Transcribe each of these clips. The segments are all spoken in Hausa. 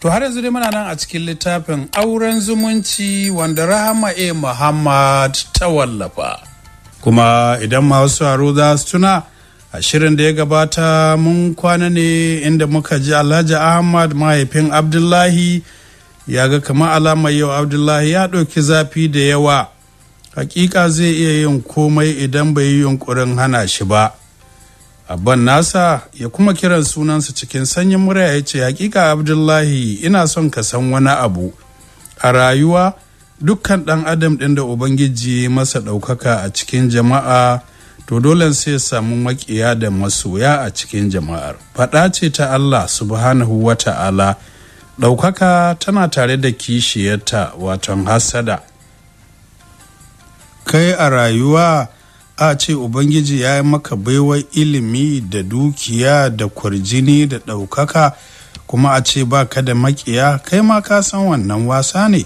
to har yanzu dai muna nan a cikin littafin auren zumunci wanda rahama e muhammad ta wallafa kuma idan masu haro za su tuna a shirin da ya gabata mun kwana ne inda muka ji alhaji ahmad mahaifin abdullahi ya ga kama alamar yau abdullahi ya ɗauki zafi da yawa hakika zai iya yin komai idan bai yi yunkurin hana shi ba abban nasa ya kuma kiran sunansa cikin sanyin murya ya ce hakika abdullahi ina son ka san wani abu a rayuwa dukkan ɗan adam ɗin da ubangiji masa ɗaukaka a cikin jama'a to dole sai ya samu makiya da masoya a cikin jama'ar faɗa ce ta allah subhanahu wa ta'ala ɗaukaka tana tare da kishiyarta watan hasada kai a rayuwa a ce ubangiji ya yi maka baiwar ilimi da dukiya da kwarjini da ɗaukaka kuma a ce ba ka da makiya kai ma ka san wannan wasa ne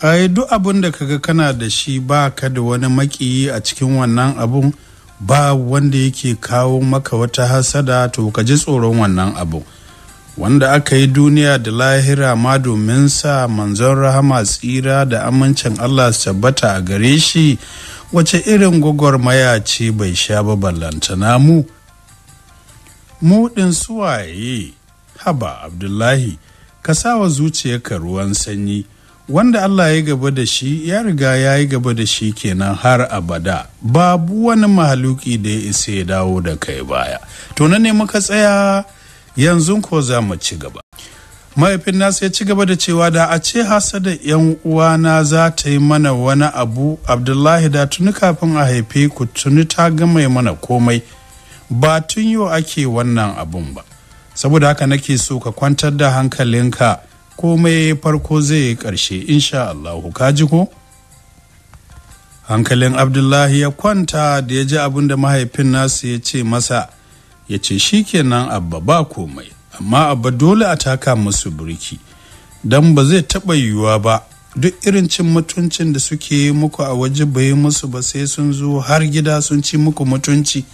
ai duk abin da kaga kana da shi ba ka da wani makiyi a cikin wannan abun ba wanda yake kawo maka wata hasada to ka ji tsoron wannan abu wanda aka yi duniya da lahira ma domin sa manzon rahama tsira da amincin allah tabbata a gare shi wace irin gwagwarmaya ce bai sha ba ballanta mu mu din suwaye haba abdullahi ka sawa zuciyarka ruwan sanyi wanda Allah ya gaba da shi ya riga ya yi gaba da shi kenan har abada babu wani mahaluki da ya isa ya dawo da kai baya to na ne muka tsaya yanzu ko za mu ci gaba mahaifin nasu ya ci gaba da cewa da a ce da yan uwana za ta yi mana wani abu abdullahi da tuni kafin a haife ku tuni ta gama mana komai ba tun yau ake wannan abun ba saboda haka nake so ka kwantar da hankalinka komai farko zai yi ƙarshe insha Allah ka ji ko hankalin abdullahi ya kwanta da ya ji abin da mahaifin nasu ya ce masa ya ce shi kenan abba ba komai amma abba dole a taka musu birki don ba zai taɓa yiwuwa ba duk irin cin mutuncin da suke yi muku a waje bai musu ba sai sun zo har gida sun ci muku mutunci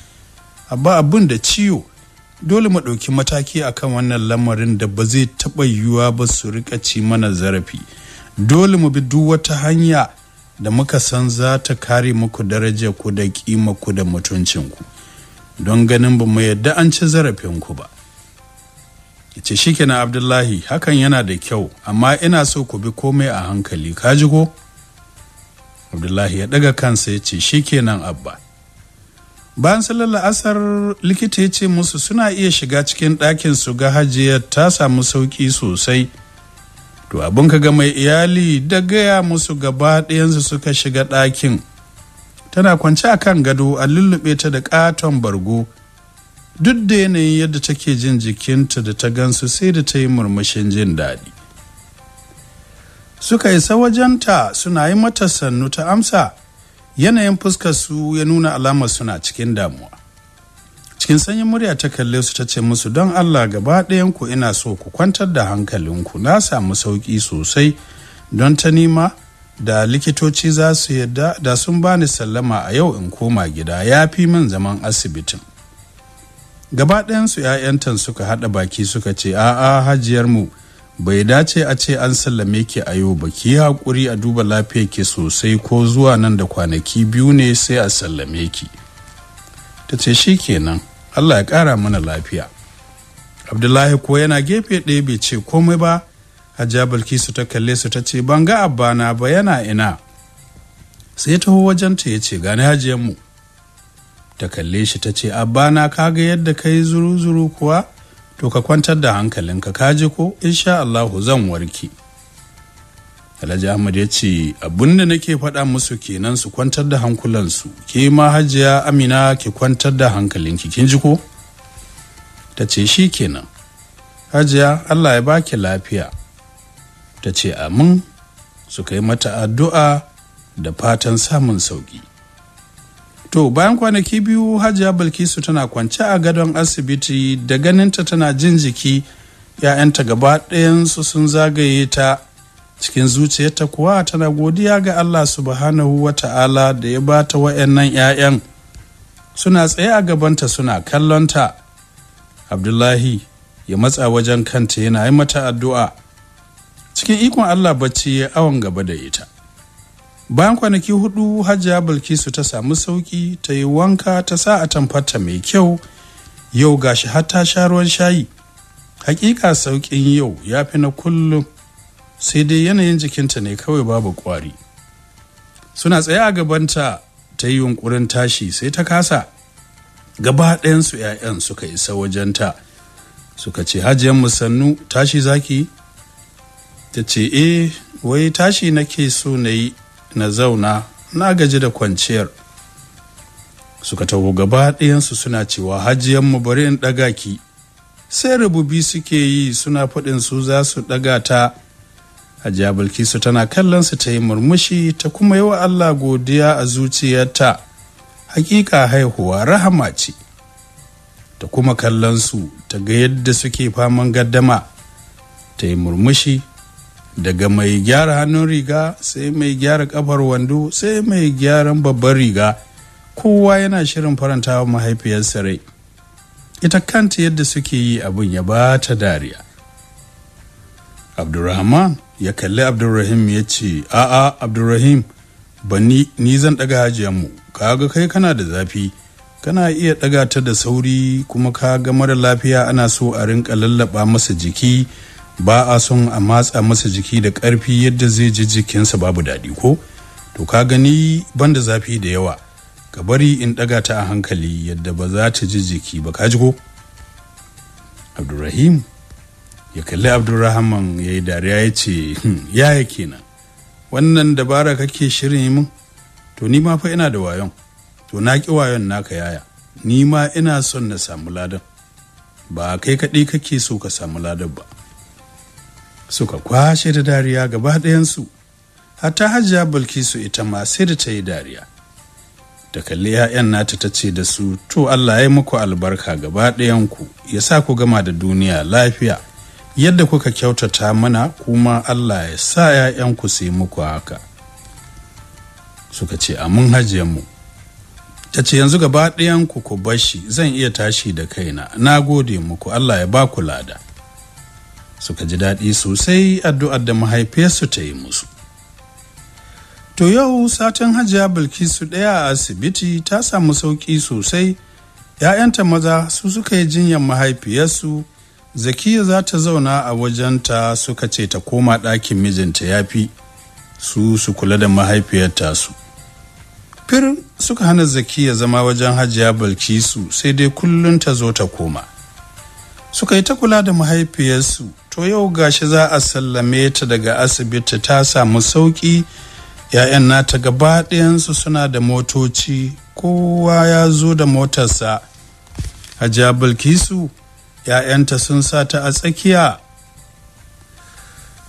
abba abin da ciwo dole mu ɗauki mataki akan wannan lamarin da ba zai taɓa yiwuwa ba su rika ci mana zarafi dole mu bi duk wata hanya da muka san za ta kare muku daraja ku da kima ku da mutuncinku don ganin ba mu yadda an ci zarafinku ba ce na abdullahi hakan yana da kyau amma ina so ku bi komai a hankali ka ji ko abdullahi ya daga kansa ya ce nan abba bayan sallar la'asar likita ya ce musu suna iya shiga cikin ɗakin su ga hajiyar ta samu sauƙi sosai to abin ka ga mai iyali da gaya musu gaba ɗayansu suka shiga ɗakin tana kwance a kan gado a lullube ta da ƙaton bargo duk da yanayin yadda take jin jikinta da ta gansu sai da ta yi murmushin jin daɗi suka isa wajenta suna yi mata sannu ta amsa yanayin fuskar su ya nuna alamar suna cikin damuwa cikin sanyin murya ta kalle su ta ce musu don allah gaba ɗayan ku ina so ku kwantar da hankalinku na samu sauƙi sosai don ta nima da likitoci za su yadda da sun bani sallama a yau in koma gida ya fi min zaman asibitin gaba ɗayansu 'ya'yantan suka haɗa baki suka ce a'a hajiyar mu bai dace a ce an sallame ki a yau ba ki haƙuri a duba lafiyar ki sosai ko zuwa nan da kwanaki biyu ne sai a sallame ki ta ce shi kenan allah ya ƙara mana lafiya abdullahi ko yana gefe ɗaya bai ce komai ba hajiya bilkisu ta kalle su ta ce ban ga Abbana ba yana ina sai taho wajenta ya ce gani hajiyar mu ta kalle shi ta ce na kaga yadda ka yi zuru-zuru kuwa to ka kwantar da hankalinka ka ji ko insha Allahu zan warke Alhaji Ahmad ya ce abin da nake faɗa musu kenan su kwantar da hankulansu ke ma hajiya Amina ki kwantar da hankalinki kin ji ko ta ce shi kenan hajiya Allah ya baki lafiya ta ce amin su kai mata addu'a da fatan samun sauƙi to bayan kwanaki biyu hajiya bilkisu tana kwance a gadon asibiti da ganinta tana jin jiki ‘ya'yanta gaba ɗayansu sun zagaye ta cikin zuciyarta kuwa tana godiya ga allah subhanahu wa ta'ala da ya ba ta wa'yannan ‘ya'yan suna tsaye a gabanta suna kallonta abdullahi ya matsa wajen kanta yana yi mata addu'a cikin ikon allah bacci ya awon gaba da ita bayan kwanaki hudu hajiya bilkisu ta samu sauki ta yi wanka ta sa a tamfata mai kyau yau gashi har ta sha ruwan shayi hakika saukin yau ya fi na kullum sai dai yanayin jikinta ne kawai babu kwari suna tsaye a gabanta ta yi yunkurin tashi sai ta kasa gaba ɗayansu 'ya'yan suka isa wajenta suka ce hajiyan musannu tashi zaki ta ce eh wai tashi nake so na yi na zauna na gaji da kwanciyar suka taho gaba ɗayansu suna cewa hajiyan mu bari in ɗaga ki sai rububi suke yi suna faɗin su za su ɗaga ta hajiya bilkisu tana kallon su ta yi murmushi ta kuma yi wa allah godiya a zuciyarta hakika haihuwa rahama ce ta kuma kallon su ta ga yadda suke faman gaddama ta yi murmushi daga mai gyara hannun riga sai mai gyara kafar wando sai mai gyaran babban riga kowa yana shirin faranta wa mahaifiyarsa rai ita kanta yadda suke yi abin ya ba ta dariya abdurrahman ya kalli abdurrahim ya ce a'a abdurrahim ba ni ni zan daga mu kaga kai kana da zafi kana iya daga ta da sauri kuma kaga mara lafiya ana so a rinka lallaba masa jiki ba a son a matsa masa jiki da ƙarfi yadda zai ji jikinsa babu daɗi ko to ka gani banda zafi da yawa ka bari in ɗaga ta a hankali yadda ba za ta ji jiki ba ka ji ko abdurrahim ya kalli abdurrahman ya yi dariya ya ce hmm, Ya yaya kenan wannan dabara kake shirin yi min to ni ma fa ina da wayon to na ki wayon naka yaya ni ma ina son na samu ladan ba kai kaɗai kake so ka samu ladan ba suka kwashe da dariya gaba ɗayansu hatta hajiya bilkisu ita ma sai da ta yi dariya ta kalli 'ya'yan nata ta ce da su to allah ya yi muku albarka gaba ɗayanku ya sa ku gama da duniya lafiya yadda kuka kyautata mana kuma allah ya sa 'ya'yanku su yi muku haka suka ce amin mu. ta ce yanzu gaba ɗayanku ku bashi zan iya tashi da kaina na gode muku allah ya ba ku lada suka ji daɗi sosai addu'ar da mahaifiyarsu ta yi musu to yau satin hajiya bilkisu ɗaya a asibiti ta samu sauƙi sosai ‘ya'yanta maza su suka yi jinyar mahaifiyarsu zakiya za ta zauna a wajenta suka ce ta koma ɗakin mijinta ya fi su su kula da mahaifiyarta su fir suka hana zakiya zama wajen hajiya bilkisu sai dai kullum ta zo ta koma suka yi ta kula da mahaifiyarsu to yau gashi za a sallame ta daga asibiti ta samu sauki ‘ya'yan nata gaba ɗayansu suna da motoci kowa ya zo da motarsa hajiya bilkisu ‘ya'yanta sun sa ta a tsakiya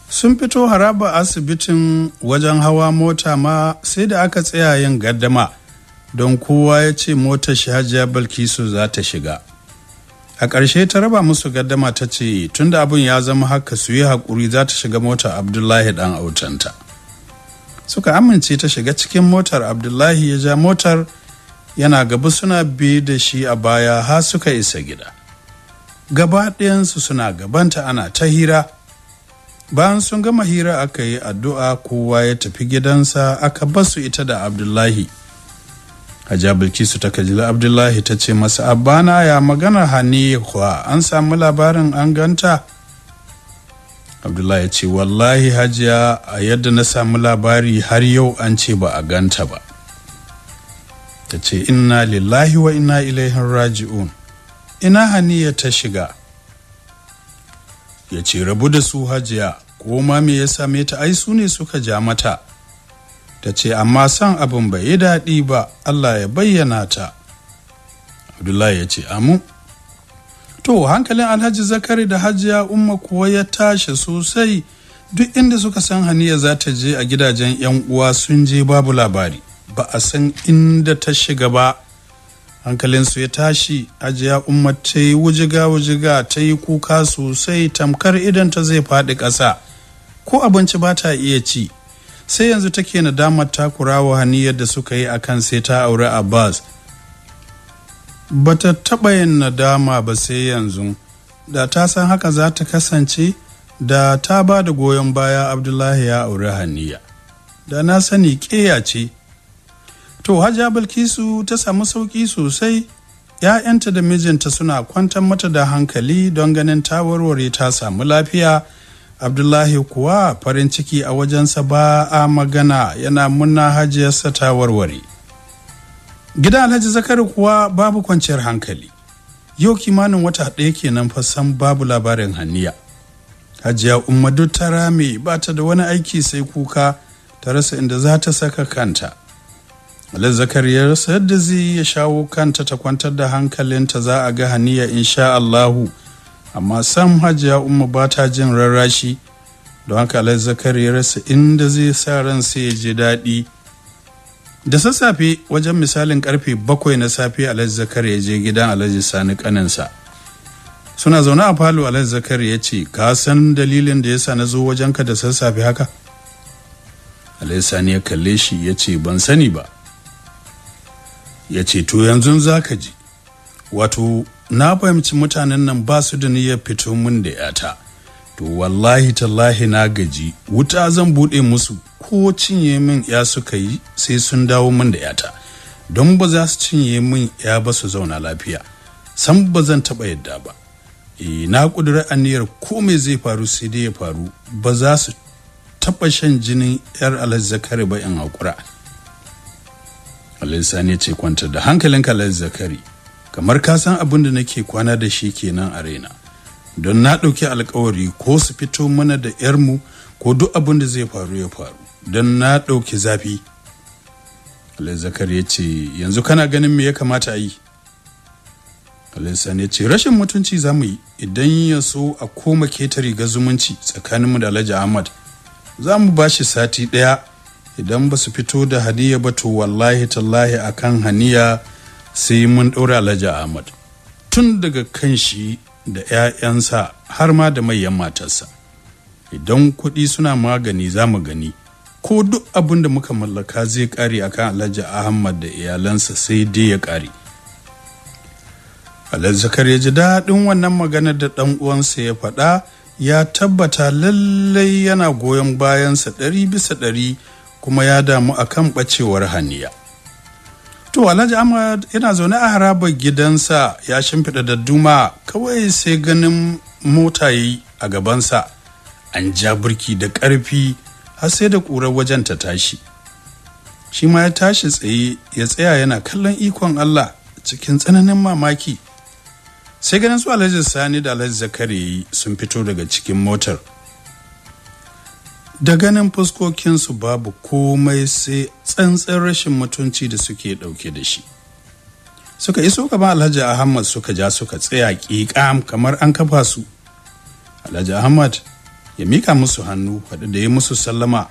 sun fito haraba asibitin wajen hawa mota ma sai da aka tsaya yin gaddama don kowa ya ce motar shi hajiya bilkisu za ta shiga a ƙarshe ta raba musu gaddama ta ce tun da abin ya zama haka su yi haƙuri za ta shiga motar abdullahi ɗan autanta suka amince ta shiga cikin motar abdullahi ya ja motar yana gaba suna bi da shi a baya har suka isa gida gaba ɗayansu suna gabanta ana ta hira bayan sun gama hira aka yi addu'a kowa ya tafi gidansa aka basu ita da abdullahi Hajiya Bilkisu ta Kajila Abdullahi ta ce masa abana ya magana hani kuwa an samu labarin an ganta. Abdullahi ya ce wallahi hajiya a yadda na samu labari har yau an ce ba a ganta ba. Ta ce inna lillahi wa inna ilaihin raji'un ina haniya ta shiga. Ya ce rabu da su hajiya ko ma me ya same ta ai su ne suka ja mata. ta ce amma san abin bai yi daɗi ba allah ya bayyana ta abdullahi ya ce amu to hankalin alhaji zakari da hajiya umma kuwa ya tashi sosai duk inda suka san haniya za ta je a gidajen 'yan uwa sun je babu labari ba a san inda ta shiga ba Hankalin su ya tashi ajiya umma ta yi wujiga-wujiga ta yi kuka sosai tamkar idan ta zai faɗi ƙasa ko abinci ba ta iya ci sai yanzu take nadamar takurawa haniyar da suka yi akan sai ta aure abbas bata taɓa yin nadama ba sai yanzu da ta san haka za ta kasance da ta ba da goyon baya abdullahi ya aure haniya da na sani ƙeya ce to hajja bilkisu ta samu sauƙi sosai ‘ya'yanta da mijinta suna kwantar mata da hankali don ganin ta warware ta samu lafiya abdullahi kuwa farin ciki a wajensa ba a magana yana muna hajiyarsa ta warware gidan alhaji zakari kuwa babu kwanciyar hankali yau kimanin wata ɗaya kenan fasan babu labarin hanniya hajiya ummadu ta rame ba ta da wani aiki sai kuka ta rasa inda za ta saka kanta alhaji zakari ya rasa yadda zai ya shawo kanta ta kwantar da hankalinta za a ga haniya insha allahu amma sam hajiya umma ba ta jin rarrashi don haka alai zakar ya rasa inda zai sa ransa ya ji daɗi da sassafe wajen misalin karfe bakwai na safe alai zakar ya je gidan alhaji sani kaninsa suna zaune a falo alai zakar ya ce ka san dalilin da ya sa na zo wajenka da sassafe haka alai sani ya kalle shi ya ce ban sani ba ya ce to yanzu za ka ji wato na fahimci mutanen nan ba su da niyyar fito mun da yata to wallahi tallahi na gaji wuta zan buɗe musu ko cinye min ya suka yi sai sun dawo mun da yata don ba za su cinye min ya ba su zauna lafiya san ba zan taɓa yadda ba e, na ƙudura aniyar ko mai zai faru sai dai ya faru ba za su taɓa shan jinin yar l-zakari ba in haƙura alaisa ne ce kwanta da hankalinka zakari kamar ka san abin da nake kwana da shi kenan a raina don na ɗauki alkawari ko su fito mana da yarmu ko duk abin da zai faru ya faru don na ɗauki zafi alai zakar ya ce yanzu kana ganin me ya kamata a yi alai ya ce rashin mutunci za mu yi idan ya so a koma ketare ga zumunci tsakaninmu da alhaji ahmad za mu ba shi sati ɗaya idan ba su fito da Hadiya ba to wallahi tallahi akan haniya sai mun ɗaura alhaji ahmad tun daga kan shi da 'ya'yansa har ma da manyan matarsa idan kuɗi suna magani za mu gani ko duk abin da muka mallaka zai ƙare akan alhaji ahmad da iyalansa sai dai ya ƙare alhaji zakar ya ji daɗin wannan maganar da ɗan uwansa ya faɗa ya tabbata lallai yana goyon bayansa ɗari bisa ɗari kuma ya damu akan ɓacewar hanniya. to alhaji ahmad yana zaune a harabar gidansa ya shimfiɗa duma kawai sai ganin mota yi a gabansa an ja burki da ƙarfi har sai da ƙurar wajen ta tashi shi ma ya tashi tsaye ya tsaya yana kallon ikon allah cikin tsananin mamaki sai ganin su alhaji sani da alhaji zakari sun fito daga cikin motar da ganin fuskokinsu babu komai sai tsantsan rashin mutunci da suke ɗauke da shi suka iso gaban alhaji ahmad suka ja suka tsaya ƙiƙam kamar an kafa su alhaji ahmad ya mika musu hannu faɗi da ya musu sallama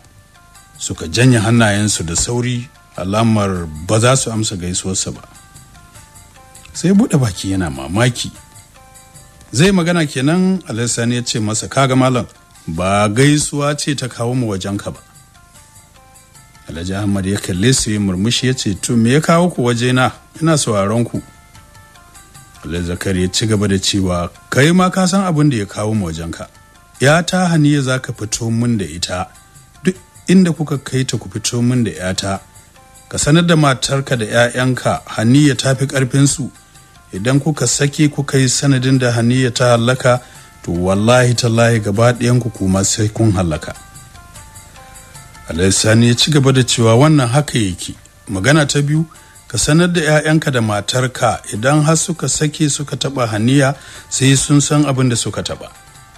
suka janye hannayensu da sauri alamar ba za su amsa gaisuwarsa ba sai buɗe baki yana mamaki zai magana kenan alhassani ya ce masa kaga malam ba gaisuwa ce ta kawo mu wajenka ba alhaji ahmad ya kalle su yi murmushi ya ce to me ya kawo ku wajena ina sauraron ku alhaji zakar ya ci gaba da cewa kai ma ka san abin da ya kawo mu wajenka ya ta haniya za ka fito mun da ita duk inda kuka kai ta ku fito mun da yata ka sanar da matarka da 'ya'yanka haniya ta fi ƙarfinsu idan kuka sake kuka yi sanadin da haniya ta hallaka to wallahi tallahi gaba ɗayan kuma sai kun hallaka alaisani ya ci gaba da cewa wannan haka yake magana ta biyu ka sanar da 'ya'yanka da matarka idan har suka sake suka taba haniya sai sun san abin da suka taba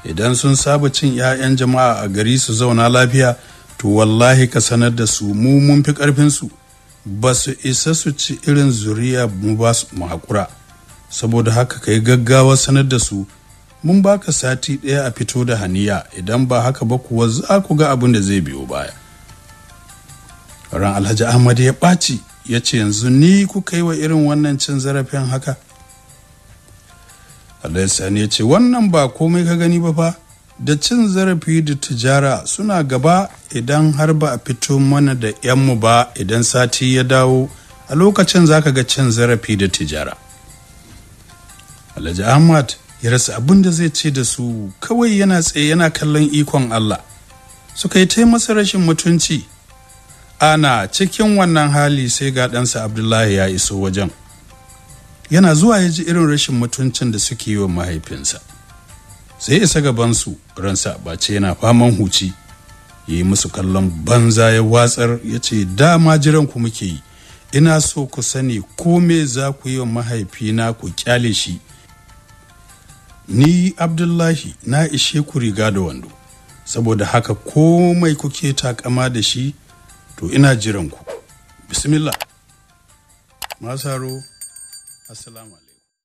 idan sun saba cin 'ya'yan jama'a a gari su zauna lafiya to wallahi ka sanar da su mu mun fi karfin su ba su isa su ci irin zuriya mu ba su haƙura saboda haka ka yi gaggawa sanar da su mun baka sati ɗaya a fito da haniya idan ba haka ba kuwa za ku ga abin da zai biyo baya ran alhaji ahmad ya ɓaci ya ce yanzu ni kuka yi wa irin wannan cin zarafin haka alhaji sani ya ce wannan ba komai ka gani ba fa da cin zarafi da tijara suna gaba idan har ba a fito mana da 'yanmu ba idan sati ya dawo a lokacin za ka ga cin zarafi da tijara alhaji ahmad ya rasa abin da zai ce da su kawai yana tsaye yana kallon ikon Allah suka yi tai masa rashin mutunci ana cikin wannan hali sai ga ɗansa abdullahi ya iso wajen yana zuwa ya ji irin rashin mutuncin da suke yi wa mahaifinsa sai isa gabansu ransa ɓace yana faman huci ya yi musu kallon banza ya watsar ya ce dama jiran ku muke yi ina so ku sani ko me za ku yi wa mahaifina ku kyale shi ni abdullahi na ishe ku riga da wando saboda haka komai kuke takama da shi to ina jiran ku bismillah masaro assalamu